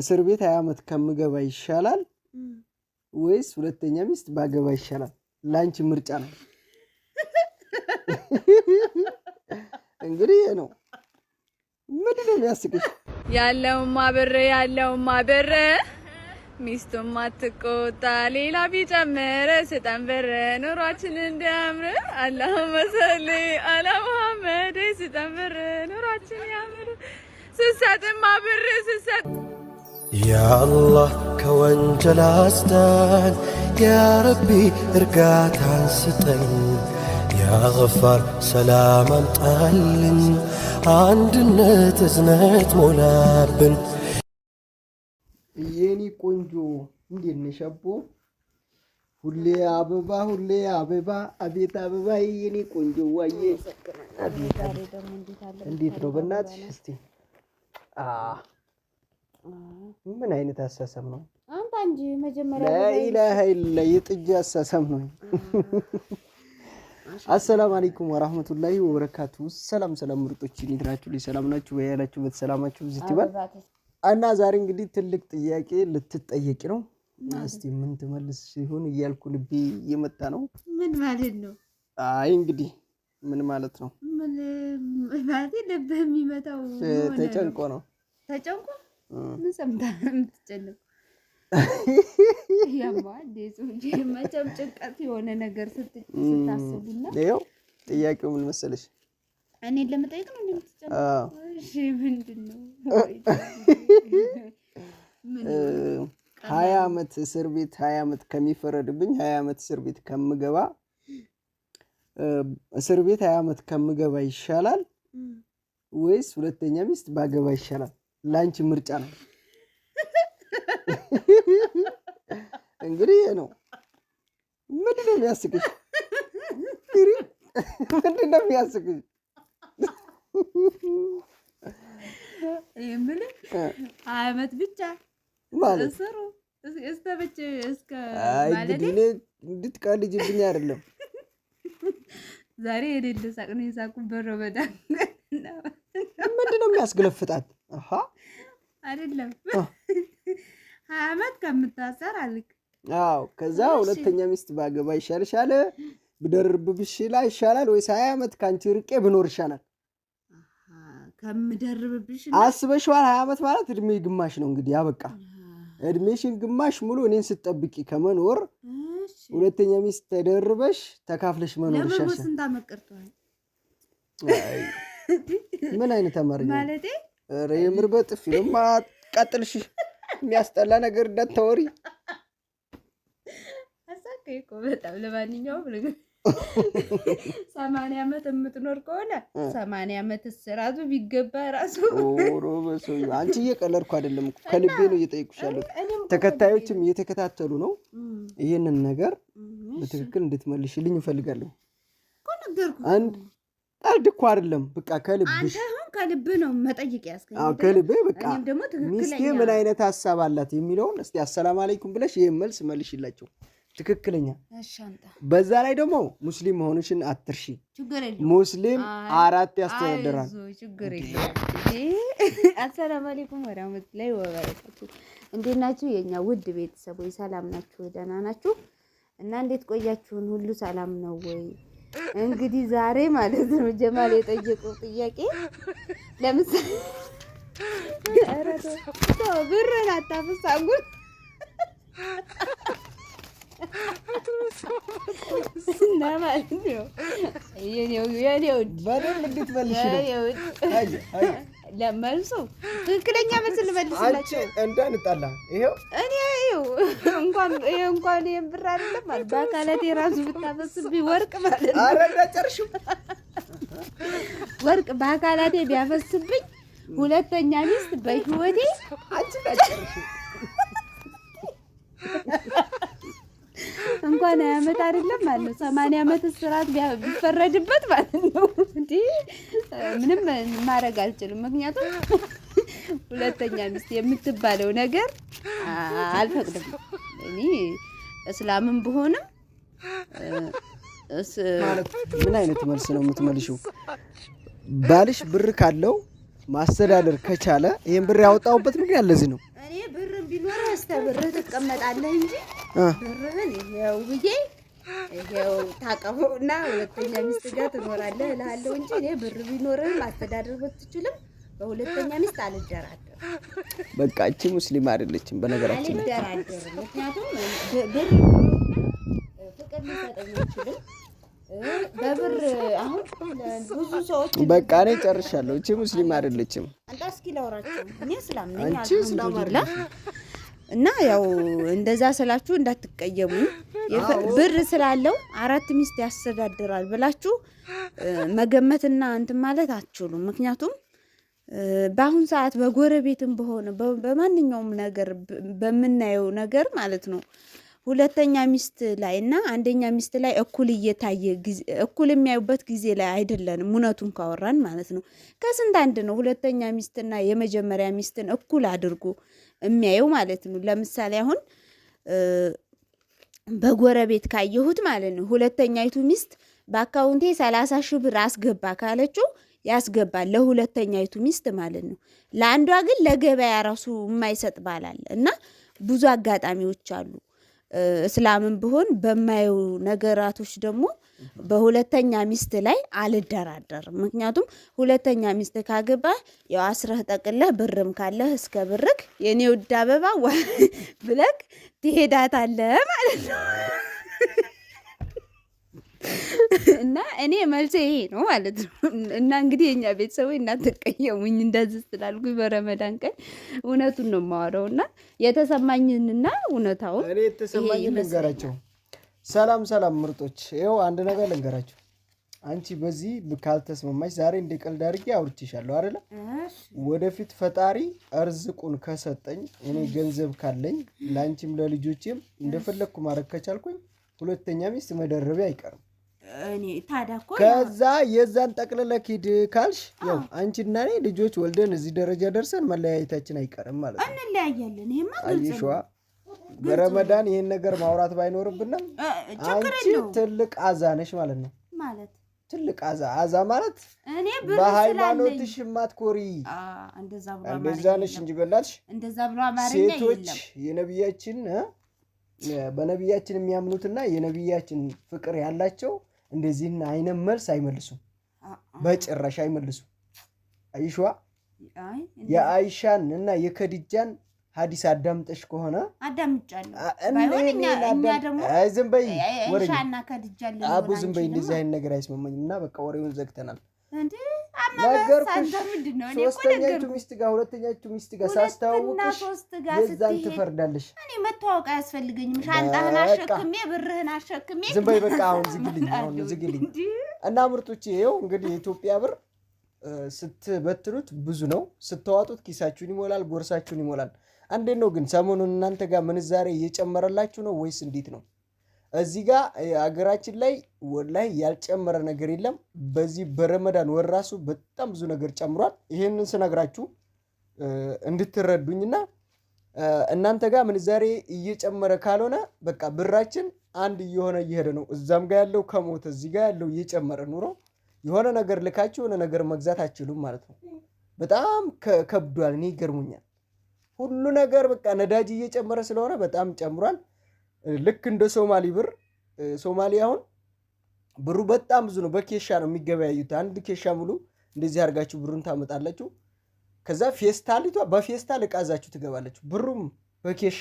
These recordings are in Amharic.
እስር ቤት ሀያ ዓመት ከምገባ ይሻላል ወይስ ሁለተኛ ሚስት ባገባ ይሻላል? ለአንቺ ምርጫ ነው። እንግዲህ ነው ምንድን ነው የሚያስቅሽ? ያለውማ ብር ያለውማ ብር ሚስቱም አትቆጣ ሌላ ቢጨምር ስጠን ብር ኑሯችን እንዲያምር አላሁመ ሰሊ አላ ሙሐመድ ስጠን ብር ኑሯችን ያምር ስሰጥም አብሬ ስሰጥ ያአላህ ከወንጀል አስዳን ያረቢ እርጋታን ስጠን ያገፋር ሰላም አምጣልን አንድነት እዝነት ሞላብን። የኔ ቆንጆ እንዴት ነሽ አቦ? ሁሌ አበባ ሁሌ አበባ አቤት አበባ የኔ ቆንጆ ዋዬ፣ እንዴት ነው በእናትሽ እስቲ ምን አይነት አሳሰብ ነው? አንተ እንጂ መጀመሪያ ላኢላሀ ኢላ የጥጃ አሳሰብ ነው። አሰላም አለይኩም ወራህመቱላሂ ወበረካቱ። ሰላም ሰላም ምርጦች እንድራችሁ ለሰላም ናችሁ ያላችሁበት ሰላማችሁ ዝት ይባል እና ዛሬ እንግዲህ ትልቅ ጥያቄ ልትጠየቂ ነው። እስቲ ምን ትመልስ ሲሆን እያልኩ ልቤ እየመጣ ነው። ምን ማለት ነው? አይ እንግዲህ ምን ማለት ነው? ማለቴ ልብህ የሚመታው ተጨንቆ ነው። ተጨንቆ ምን ሰምተህ የምትጨነቅ መቼም ጭንቀት የሆነ ነገር ስታስቡና፣ ይኸው ጥያቄው ምን መሰለሽ? እኔን ለመጠየቅ ነው የምትጨነቀው? ምንድን ነው ሀያ አመት እስር ቤት ሀያ አመት ከሚፈረድብኝ ሀያ አመት እስር ቤት ከምገባ እስር ቤት ሀያ ዓመት ከምገባ ይሻላል ወይስ ሁለተኛ ሚስት ባገባ ይሻላል? ለአንቺ ምርጫ ነው። እንግዲህ ነው ምንድን ነው የሚያስቅሽ? ምንድን ነው የሚያስቅሽ? የምልህ አመት ብቻ ማለት እስከ ማለት እንድትቃልጅብኝ አይደለም ዛሬ የሌለ ሳቅ ነው የሳቁ። በሮ በጣም ምንድን ነው የሚያስገለፍጣት? አይደለም ሀያ አመት ከምታሰር አልክ። አዎ ከዛ ሁለተኛ ሚስት ባገባ ይሻልሻል፣ ብደርብ ላይ ይሻላል ወይስ ሀያ አመት ከአንቺ ርቄ ብኖር ይሻላል? ከምደርብብሽ አስበሽዋል። ሀያ ዓመት ማለት እድሜ ግማሽ ነው እንግዲህ። አበቃ እድሜሽን ግማሽ ሙሉ እኔን ስጠብቂ ከመኖር ሁለተኛ ሚስት ተደርበሽ ተካፍለሽ መኖር ይሻሻል። ምን አይነት ተማሪ ማለቴ? የምር በጥፊ ነው ማቃጥልሽ። የሚያስጠላ ነገር እንዳታወሪ። በጣም ለማንኛውም ሰማንያ ዓመት የምትኖር ከሆነ ሰማንያ ዓመት ራሱ ቢገባ ራሱ አንቺ እየቀለድኩ አይደለም፣ ከልቤ ነው እየጠየኩሽ ያለሁት። ተከታዮችም እየተከታተሉ ነው። ይህንን ነገር በትክክል እንድትመልሽልኝ እፈልጋለሁ። አንድ ቀልድ እኮ አይደለም፣ በቃ ከልብሽ ከልብ ነው መጠየቅ ያስገኝ ከልቤ በቃ ሚስቴ ምን አይነት ሀሳብ አላት የሚለውን እስኪ አሰላም አለይኩም ብለሽ ይህን መልስ መልሽላቸው። ትክክለኛ በዛ ላይ ደግሞ ሙስሊም መሆንሽን አትርሺ። ሙስሊም አራት ያስተዳድራል። አሰላሙ አለይኩም ወራህመቱላሂ ወበረካቱህ። እንዴት ናችሁ የእኛ ውድ ቤተሰቦች? ሰላም ናችሁ? ደህና ናችሁ? እና እንዴት ቆያችሁን? ሁሉ ሰላም ነው ወይ? እንግዲህ ዛሬ ማለት ነው ጀማል የጠየቀው ጥያቄ ለምሳሌ ብርን አታፍስ አንጉል እና ማለት ነው ለመልሱ ትክክለኛ መልስ ልመልስላቸው እንዳንጣላ ይኸው እኔ ይኸው እንኳን እንኳን ይሄን ብር አይደለም ማለት በአካላት የራሱ ብታፈስብኝ ወርቅ ማለት ነው። ኧረ እንዳጨርሽው ወርቅ በአካላቴ ቢያፈስብኝ ሁለተኛ ሚስት በህይወቴ አንቺ እንኳን ዓመት አይደለም ማለት ነው፣ ሰማንያ ዓመት እስራት ቢፈረድበት ማለት ነው። እንዲ ምንም ማድረግ አልችልም፣ ምክንያቱም ሁለተኛ ሚስት የምትባለው ነገር አልፈቅድም። እኔ እስላምም ብሆንም ምን አይነት መልስ ነው የምትመልሽው? ባልሽ ብር ካለው ማስተዳደር ከቻለ ይህን ብር ያወጣሁበት ምክንያት ለዚህ ነው። እኔ ብር ቢኖር ብር ትቀመጣለህ እንጂ ደረበን ይኸው ብዬ ይኸው ታቀፈውና ሁለተኛ ሚስት ጋር ትኖራለህ እልሃለሁ እንጂ እኔ ብር ቢኖርህም አስተዳደር ብትችልም በሁለተኛ ሚስት አልደራደርም። በቃ እቺ ሙስሊም አይደለችም በነገራችን ላይ አልደራደርም። ምክንያቱም ብር ፍቅር ሊሰጠኝ አይችልም። በብር አሁን ብዙ ሰዎች በቃ እኔ ጨርሻለሁ። እቺ ሙስሊም አይደለችም። አንተ እስኪ ላውራችሁ እኔ እስላም ነኝ አልሐምዱሊላህ እና ያው እንደዛ ስላችሁ እንዳትቀየሙ ብር ስላለው አራት ሚስት ያስተዳድራል ብላችሁ መገመትና እንትን ማለት አትችሉም። ምክንያቱም በአሁን ሰዓት በጎረቤትም በሆነ በማንኛውም ነገር በምናየው ነገር ማለት ነው ሁለተኛ ሚስት ላይ እና አንደኛ ሚስት ላይ እኩል እየታየ እኩል የሚያዩበት ጊዜ ላይ አይደለንም። እውነቱን ካወራን ማለት ነው። ከስንት አንድ ነው ሁለተኛ ሚስትና የመጀመሪያ ሚስትን እኩል አድርጎ የሚያየው ማለት ነው። ለምሳሌ አሁን በጎረቤት ካየሁት ማለት ነው ሁለተኛይቱ ሚስት በአካውንቴ ሰላሳ ሺህ ብር አስገባ ካለችው ያስገባል ለሁለተኛይቱ ሚስት ማለት ነው። ለአንዷ ግን ለገበያ ራሱ የማይሰጥ ባላል እና ብዙ አጋጣሚዎች አሉ። እስላምን ብሆን በማየው ነገራቶች ደግሞ በሁለተኛ ሚስት ላይ አልደራደርም። ምክንያቱም ሁለተኛ ሚስት ካገባህ ያው አስረህ ጠቅለህ ብርም ካለህ እስከ ብርክ የኔ ውድ አበባ ብለክ ትሄዳታለህ ማለት ነው። እና እኔ መልሴ ይሄ ነው ማለት ነው። እና እንግዲህ የኛ ቤተሰቦች እናትቀየሙኝ እንደዚህ ስላልኩ በረመዳን ቀን እውነቱን ነው የማወራው እና የተሰማኝንና እውነታውን እኔ የተሰማኝን ነገራቸው ሰላም ሰላም ምርጦች፣ ይኸው አንድ ነገር ልንገራችሁ። አንቺ በዚህ ካልተስማማች ዛሬ እንደ ቀልድ አድርጌ አውርቼሻለሁ አይደለ? ወደፊት ፈጣሪ እርዝቁን ከሰጠኝ እኔ ገንዘብ ካለኝ ለአንቺም ለልጆችም እንደፈለግኩ ማድረግ ከቻልኩኝ ሁለተኛ ሚስት መደረቤ አይቀርም። ከዛ የዛን ጠቅልለ ኪድ ካልሽ ያው አንቺና እኔ ልጆች ወልደን እዚህ ደረጃ ደርሰን መለያየታችን አይቀርም ማለት ነው። እንለያያለን። ይሄማ ግልጽ ነው። በረመዳን ይህን ነገር ማውራት ባይኖርብንም አንቺ ትልቅ አዛ ነሽ ማለት ነው። ማለት ትልቅ አዛ አዛ ማለት በሃይማኖትሽ የማትኮሪ እንደዛ ነሽ እንጂ በላሽ ሴቶች የነቢያችን በነቢያችን የሚያምኑትና የነቢያችን ፍቅር ያላቸው እንደዚህና አይነት መልስ አይመልሱም፣ በጭራሽ አይመልሱም። አይሽዋ የአይሻን እና የከድጃን ሀዲስ አዳምጠሽ ከሆነ አዳምጫለሁ። ዝም በይ አቡ፣ ዝም በይ። እንደዚህ አይነት ነገር አይስማማኝም እና በቃ ወሬውን ዘግተናል። ሶስተኛችሁ ሚስት ጋር ሁለተኛችሁ ሚስት ጋር ሳስተዋውቅሽ የዛን ትፈርዳለሽ። እኔ መተዋወቅ አያስፈልገኝም። ሻንጣህን አሸክሜ ብርህን አሸክሜ ዝም በይ በቃ። አሁን ዝግልኝ፣ አሁን ዝግልኝ እና ምርጦች፣ ይኸው እንግዲህ የኢትዮጵያ ብር ስትበትኑት ብዙ ነው፣ ስተዋጡት ኪሳችሁን ይሞላል፣ ቦርሳችሁን ይሞላል። እንዴት ነው ግን ሰሞኑን እናንተ ጋር ምንዛሬ እየጨመረላችሁ ነው ወይስ እንዴት ነው? እዚህ ጋር አገራችን ላይ ወላሂ ያልጨመረ ነገር የለም። በዚህ በረመዳን ወር ራሱ በጣም ብዙ ነገር ጨምሯል። ይህንን ስነግራችሁ እንድትረዱኝና እናንተ ጋር ምንዛሬ እየጨመረ ካልሆነ በቃ ብራችን አንድ እየሆነ እየሄደ ነው። እዛም ጋር ያለው ከሞተ እዚህ ጋር ያለው እየጨመረ ኑሮ የሆነ ነገር ልካችሁ የሆነ ነገር መግዛት አችሉም ማለት ነው። በጣም ከብዷል። እኔ ይገርሙኛል። ሁሉ ነገር በቃ ነዳጅ እየጨመረ ስለሆነ በጣም ጨምሯል። ልክ እንደ ሶማሊ ብር ሶማሊ አሁን ብሩ በጣም ብዙ ነው። በኬሻ ነው የሚገበያዩት። አንድ ኬሻ ሙሉ እንደዚህ አድርጋችሁ ብሩን ታመጣላችሁ። ከዛ ፌስታሊቷ በፌስታል እቃ ትገባለች። ብሩም በኬሻ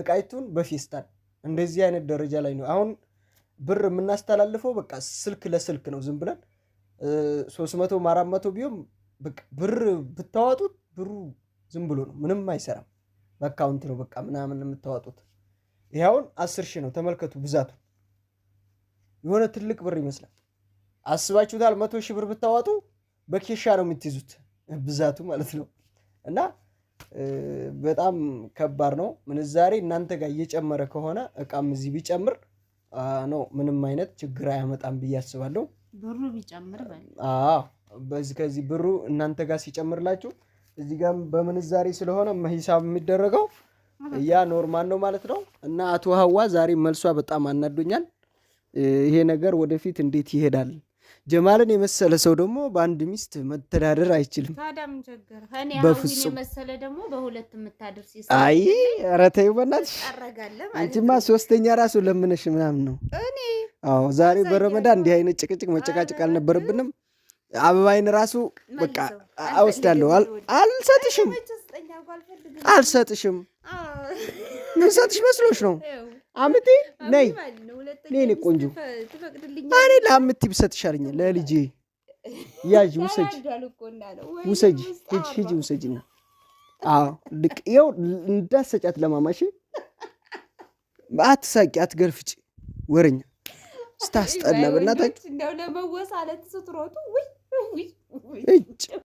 እቃይቱን በፌስታል እንደዚህ አይነት ደረጃ ላይ ነው አሁን ብር የምናስተላልፈው። በቃ ስልክ ለስልክ ነው ዝም ብለን ሶስት መቶ አራት መቶ ቢሆን ብር ብታዋጡት ብሩ ዝም ብሎ ነው፣ ምንም አይሰራም። በአካውንት ነው በቃ ምናምን የምታወጡት። ይኸውን አስር ሺህ ነው ተመልከቱ፣ ብዛቱ የሆነ ትልቅ ብር ይመስላል። አስባችሁታል? መቶ ሺህ ብር ብታዋጡ በኬሻ ነው የምትይዙት ብዛቱ ማለት ነው። እና በጣም ከባድ ነው። ምንዛሬ እናንተ ጋር እየጨመረ ከሆነ እቃም እዚህ ቢጨምር ነው ምንም አይነት ችግር አያመጣም ብዬ አስባለሁ። ብሩ ቢጨምር በዚህ ከዚህ ብሩ እናንተ ጋር ሲጨምርላችሁ እዚህ ጋም በምንዛሬ ስለሆነ ሂሳብ የሚደረገው እያ ኖርማል ነው ማለት ነው። እና አቶ ሀዋ ዛሬ መልሷ በጣም አናዶኛል። ይሄ ነገር ወደፊት እንዴት ይሄዳል? ጀማልን የመሰለ ሰው ደግሞ በአንድ ሚስት መተዳደር አይችልም። በፍጹም አይ፣ ኧረ ተይው በእናትሽ አንቺማ ሶስተኛ ራሱ ለምነሽ ምናምን ነው። አዎ ዛሬ በረመዳን እንዲህ አይነት ጭቅጭቅ መጨቃጭቅ አልነበረብንም። አበባይን ራሱ በቃ አወስዳለሁ። አልሰጥሽም አልሰጥሽም። ምን ሰጥሽ መስሎሽ ነው? አምቲ ነይ ኔን ቆንጆ እኔ ለአምቲ ብሰጥሽ አለኝ። ለልጄ ያዥ ውሰጅ፣ ውሰጅ፣ ሂጂ፣ ሂጂ ውሰጅና። አዎ ልክ ይኸው እንዳሰጫት ለማማሽ አትሳቂ፣ አትገርፍጭ፣ ወረኛ ስታስጠላ በእናታችሁ እጭ